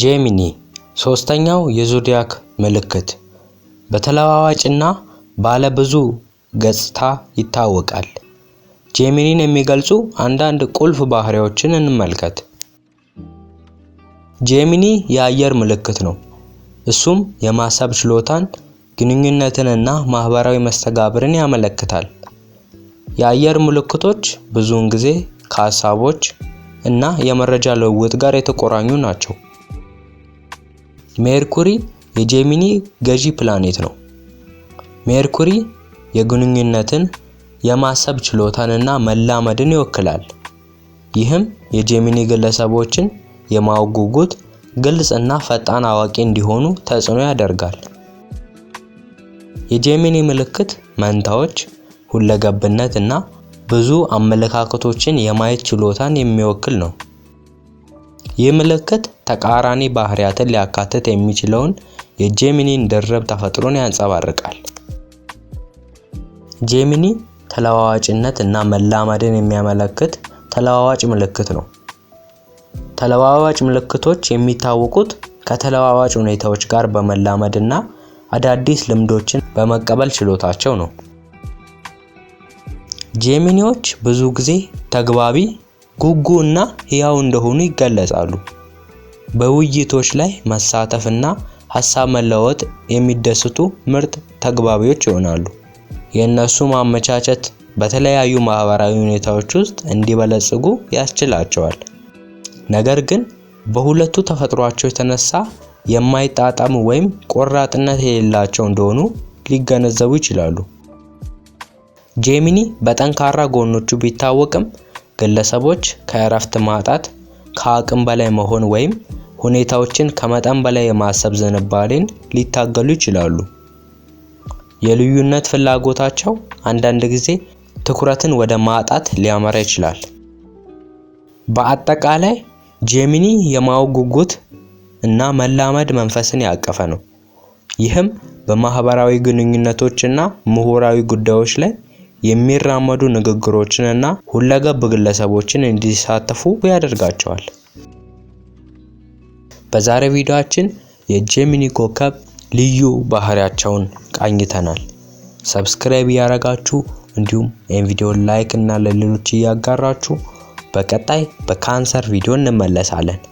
ጄሚኒ ሶስተኛው የዞዲያክ ምልክት በተለዋዋጭና ባለ ብዙ ገጽታ ይታወቃል። ጄሚኒን የሚገልጹ አንዳንድ ቁልፍ ባህሪዎችን እንመልከት። ጄሚኒ የአየር ምልክት ነው። እሱም የማሰብ ችሎታን፣ ግንኙነትንና ማህበራዊ መስተጋብርን ያመለክታል። የአየር ምልክቶች ብዙውን ጊዜ ከሀሳቦች እና የመረጃ ልውውጥ ጋር የተቆራኙ ናቸው። ሜርኩሪ የጄሚኒ ገዢ ፕላኔት ነው። ሜርኩሪ የግንኙነትን፣ የማሰብ ችሎታንና መላመድን ይወክላል። ይህም የጄሚኒ ግለሰቦችን የማወቅ ጉጉት ግልጽ እና ፈጣን አዋቂ እንዲሆኑ ተጽዕኖ ያደርጋል። የጄሚኒ ምልክት መንታዎች፣ ሁለገብነት እና ብዙ አመለካከቶችን የማየት ችሎታን የሚወክል ነው። ይህ ምልክት ተቃራኒ ባህሪያትን ሊያካትት የሚችለውን የጄሚኒን ድርብ ተፈጥሮን ያንጸባርቃል። ጄሚኒ ተለዋዋጭነት እና መላመድን የሚያመለክት ተለዋዋጭ ምልክት ነው። ተለዋዋጭ ምልክቶች የሚታወቁት ከተለዋዋጭ ሁኔታዎች ጋር በመላመድ እና አዳዲስ ልምዶችን በመቀበል ችሎታቸው ነው። ጄሚኒዎች ብዙ ጊዜ ተግባቢ፣ ጉጉ እና ሕያው እንደሆኑ ይገለጻሉ። በውይይቶች ላይ መሳተፍ እና ሀሳብ መለወጥ የሚደስቱ ምርጥ ተግባቢዎች ይሆናሉ። የእነሱ ማመቻቸት በተለያዩ ማህበራዊ ሁኔታዎች ውስጥ እንዲበለጽጉ ያስችላቸዋል። ነገር ግን በሁለቱ ተፈጥሯቸው የተነሳ የማይጣጣሙ ወይም ቆራጥነት የሌላቸው እንደሆኑ ሊገነዘቡ ይችላሉ። ጄሚኒ በጠንካራ ጎኖቹ ቢታወቅም ግለሰቦች ከእረፍት ማጣት፣ ከአቅም በላይ መሆን ወይም ሁኔታዎችን ከመጠን በላይ የማሰብ ዝንባሌን ሊታገሉ ይችላሉ። የልዩነት ፍላጎታቸው አንዳንድ ጊዜ ትኩረትን ወደ ማጣት ሊያመራ ይችላል። በአጠቃላይ ጄሚኒ የማወቅ ጉጉት እና መላመድ መንፈስን ያቀፈ ነው። ይህም በማህበራዊ ግንኙነቶች እና ምሁራዊ ጉዳዮች ላይ የሚራመዱ ንግግሮችን እና ሁለገብ ግለሰቦችን እንዲሳተፉ ያደርጋቸዋል። በዛሬ ቪዲዮአችን የጄሚኒ ኮከብ ልዩ ባህሪያቸውን ቃኝተናል። ሰብስክራይብ እያረጋችሁ እንዲሁም ይህን ቪዲዮ ላይክ እና ለሌሎች እያጋራችሁ በቀጣይ በካንሰር ቪዲዮ እንመለሳለን።